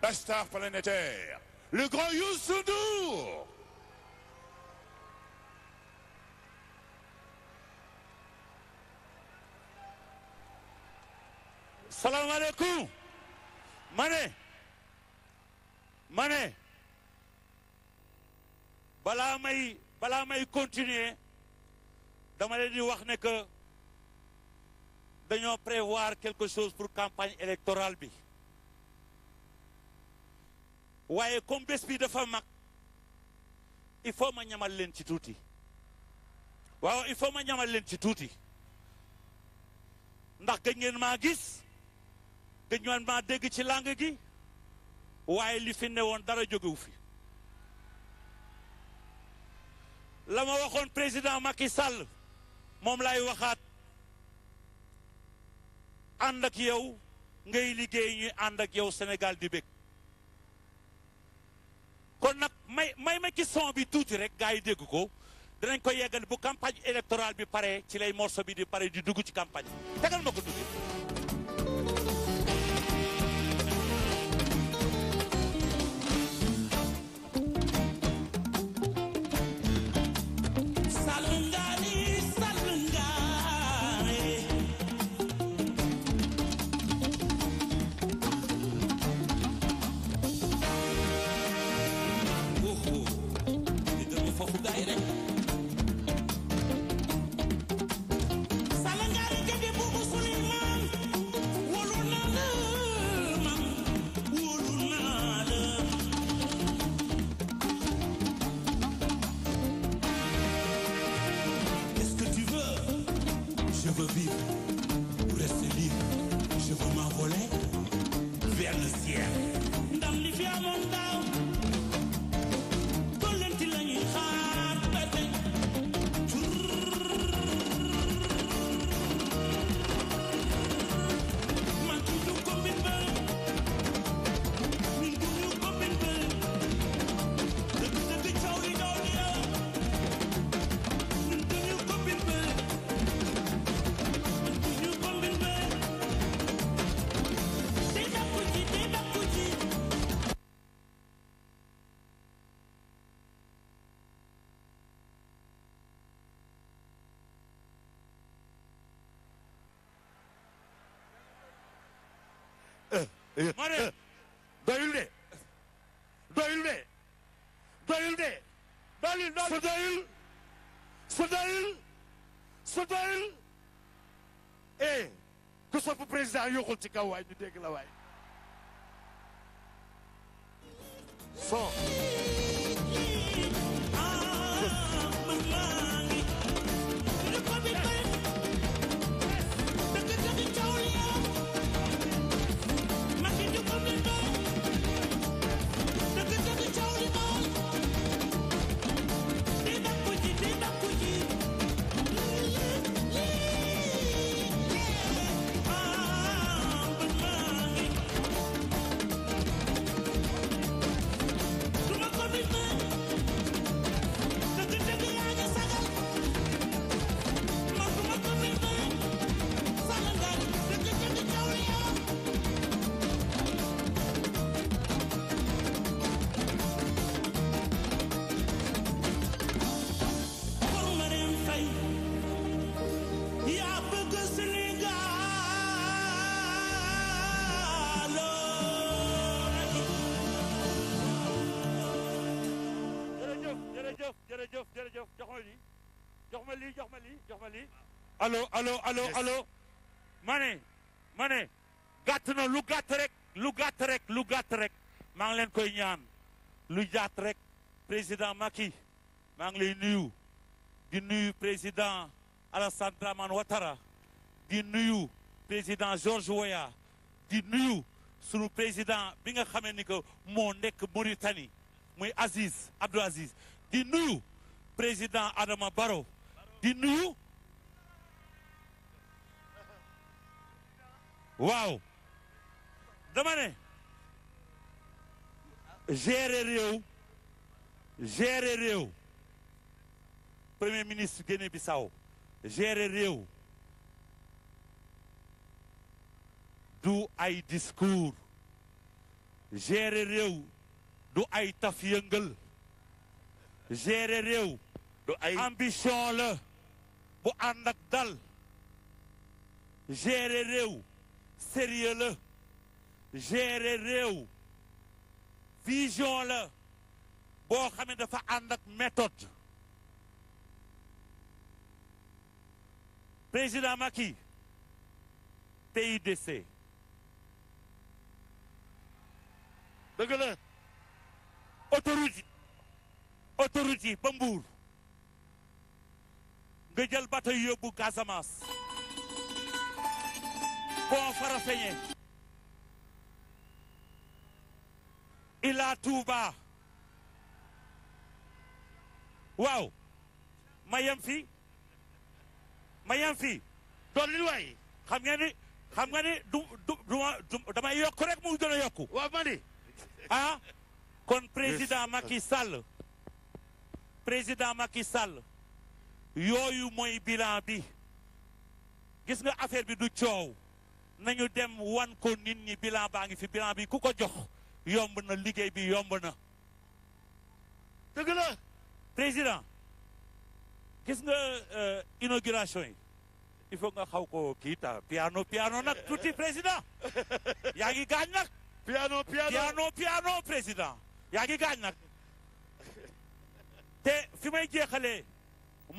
la star planétaire, le grand Youssou Ndour. salaamaaleykum ma ne ma balaa may balaa continuer dama leen di wax ne que dañoo prévoir quelque chose pour campagne électorale bi waaye comme bés bi dafa mag il faut ma ñamal leen ci tuuti waaw il faut ma ñamal leen ci tuuti ndax gëj ngeen maa gis gëj ngeen maa dégg ci lang gi waaye li fi ne woon dara jógewu fi la ma waxoon président Macky sàll moom laay waxaat ànd ak yow ngay liggéey ñuy ànd ak yow Sénégal di bég kon nag may may ma ci bi tuuti rek gars yi dégg ko danañ ko yeggal bu campagne électorale bi pare ci lay morso bi di pare di dugg ci campagne tegal ma ko tuuti Je veux vivre. Mane doyul de doyul de doyul de sa doyul sa doyul sa ku sopp président yoxul ci kaw waay ñu dégg la waay jërëjëf jërëjëf jërëjëf jox ma jox ma lii jox ma lii jox ma lii allo alo alo allo ma ne ma ne gàtt lu gàtt rek lu gàtt rek lu gàtt rek maa ngi leen koy ñaan lu jat rek président Macky maa ngi lay nuyu di nuyu président Alassane Dramane Ouattara di nuyu président George Weah di nuyu sunu président bi nga xamee ni que moo nekk Mauritanie muy Aziz Abdou Aziz di nuyu président Adama Barrow di nuyu waaw dama ne gérer réew gérer réew premier ministre Guinée-Bissau gérer réew du ay discours gérer réew du ay taf gérer réew. ay ambition la. bu ànd ak dal. gérer réew. sérieux la. gérer réew. vision la. boo xamee dafa ànd ak méthode. président maki PIDC. dëgg la. autorité. autoroute yi ba Mbour nga jël bato yóbbu Casamance pont Farafeñe Ila Touba waaw ma fi fii ma yem fii doon li waay xam nga ni xam nga ni du damay yokk rek mu gën a yokku waaw ma ah kon président Macky Sall président Macky Sall yooyu mooy bilan bi gis nga affaire bi du coow nañu dem wan ko nit ñi bilan baa ngi fi bilan bi ku ko jox yomb na liggéey bi yomb na dëgg la président gis nga euh, inauguration yi il faut nga xaw ko kii ta piano piano nag tuuti président yaa ngi gaañ nag piano piano piano piano président yaa ngi gaañ nag te fi may jeexale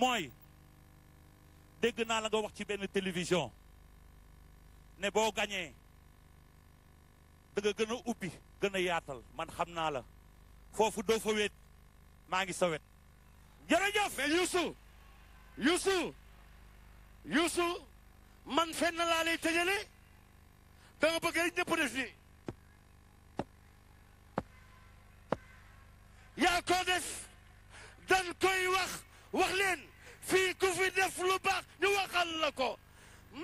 mooy dégg naa la nga wax ci benn télévision ne boo gañee danga nga gën a ubbi gën a yaatal man xam naa la foofu doo fa wéet maa ngi sa wet jërëjëf mais Youssou Youssou Youssou man fenn laa lay tëjale da nga def nii yaa ko def dañ koy wax wax leen fii ku fi def lu baax ñu waxal la ko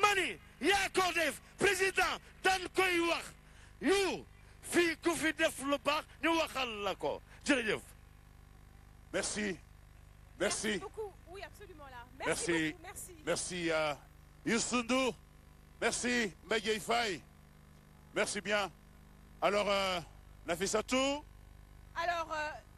mani yaa ko def président dañ koy wax yu fii ku fi def lu baax ñu waxal la ko jërëjëf merci merci merci beaucoup oui absolument là merci merci merci à Youssou Ndour merci Mbaye Dièye Faye merci bien alors euh, Nafissatou alors euh...